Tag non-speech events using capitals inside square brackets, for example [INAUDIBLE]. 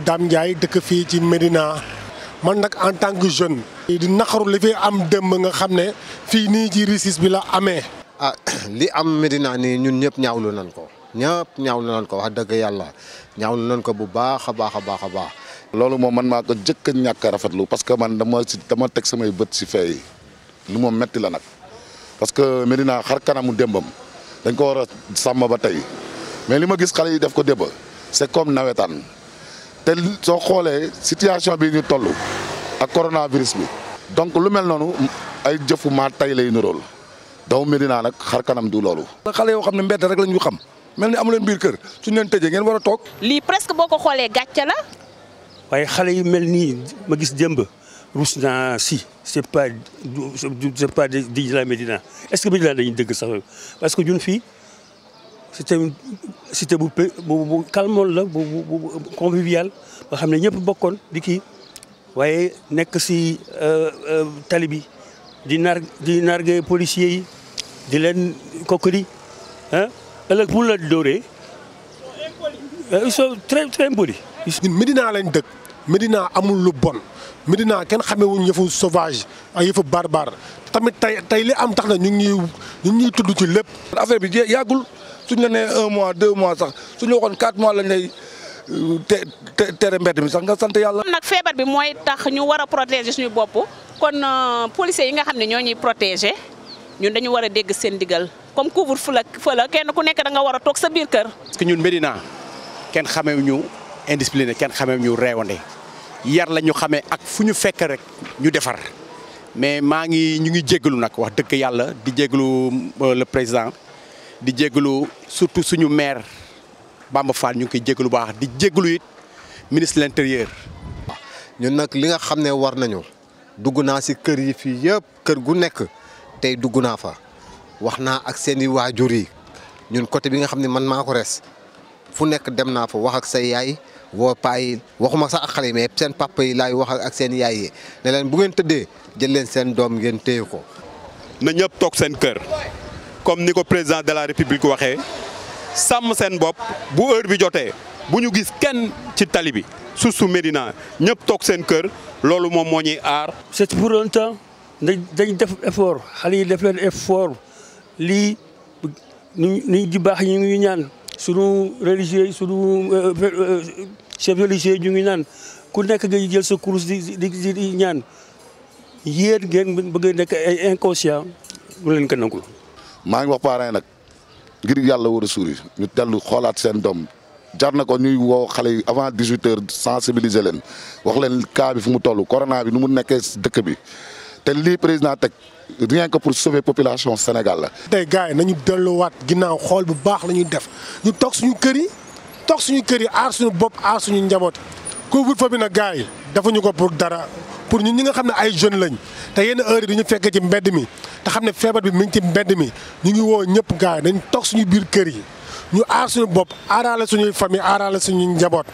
dam Dame dekk fi ci medina man nak en tant que jeune. di naqaru li fi am démb nga xamne fi ni ci risis bi la amé ah [CLEARS THROAT] li am Medina ni ñun ñep ñaawlu nan ko ñep ñaawlu nan ko wax deug yalla ñaawlu nan ko bu baax a baax a baax a baax. man mako ko ñaka rafetlu parce que man dama dama tek samay beut ci fay lu mo metti la nak parce que medina xar kanamu dembam dañ ko wara sam ba tay mais lima gis def ko c'est comme te soo xoolee situation bi ñu toll ak coronavirus bi donc lu mel noonu ay jëfu maa tay lay nirool doomu Medina nag xar kanam du loolu. xale yoo xam ne mbedd rek lañ ñu xam mel ni amu leen biir kër suñ leen tëjee ngeen war a toog. lii presque boo ko xoolee gàcce la. waaye xale yu mel nii ma gis démb ruus naa si c'est pas c'est pas di la Médina est-ce que Médina dañuy dëgg sax parce que ñun fii. c'était une bu pe bu bu la bu bu convivial nga xam ne ñëpp bokkoon di kii waaye nekk si euh, euh, tali bi di nar di nargué policiers yi di leen kokkali ah ëllëg bu la dóoree euh, ils sont très très impolis. lañ dëkk Médina amul lu bon Médina kenn xamewuñ yëfu sauvage ak yëfu barbare tamit tey tey li am tax na ñu ngi tudd ci lépp. affaire bi yàggul. suñ la mois deux mois sax suñu waxoon quatre mois lañ lay euh, te tere mbedd mi sax nga sant yàlla. nag feebar bi mooy tax ñu war a protéger suñu bopp kon euh, policiers yi nga xam ne ñoo ñuy protéger ñun dañu war a dégg seen digal comme couvre-feu la feu kenn ku nekk danga nga war a toog sa biir kër. parce que ñun Médina kenn xamee ñu indiscipliné kenn xamee ñu réewande yar la ñu xamee ak fu ñu fekk rek ñu defar mais maa ngi ñu ngi jéggalu nag wax dëgg yàlla di jéggalu euh, le président. di jégalu surtout suñu maire Bamba Fall ñu ngi koy jégalu baax di jégalu it ministre de l'intérieur. ñun nag li nga xam ne war nañu dugg naa si kër yi fii yëpp kër gu nekk tey dugg naa fa wax naa ak seeni waajur yi ñun côté bi nga xam ne man maa ko res fu nekk dem naa fa wax ak sa yaay woo paa yi waxuma sax ak xale yi mais seen papa yi laay wax ak seen yaay yi ne leen bu ngeen tëddee jël leen seen doom ngeen téye ko. na ñëpp toog seen kër. comme ni ko président de la république waxee sàmm seen bopp bu heure bi jotee bu ñu gis kenn ci tali bi suuf Médina ñëpp toog seen kër loolu moom moo ñuy aar. c'est pour un temps dañ def effort xale yi def leen effort lii ni di baax ñu ngi ñaan sunu religieux yi sunu euh, euh, euh, chef religieux ñu ngi naan ku nekk nga jël sa course di di di ñaan yéen ngeen bëgg nekk ay inconscient bu leen ko nangul maa ngi wax parents nag ngir yàlla war a suuri ñu dellu xoolaat seen dom jar na ko ñuy woo xale yi avant 18 heures sensibiliser leen wax leen cas bi fu mu toll corona bi nu mu nekkee dëkk bi te lii président teg rien que pour sauver population Sénégal la. tey gars yi nañu delluwaat ginnaaw xool bu baax la ñuy def ñu toog suñu kër yi toog suñu kër yi aar suñu bopp aar suñu njaboot couvre-feu bi nag gars yi defuñu ko pour dara pour ñun ñi nga xam ne ay jeunes lañ te yenn heure yi duñu fekk ci mbedd mi te xam ne feebar bi mi ngi ci mbedd mi ñu ngi woo ñëpp gars yi dañ toog suñu biir kër yi ñu aar suñu bopp aaraale suñuy famille aaraale suñuy njaboot.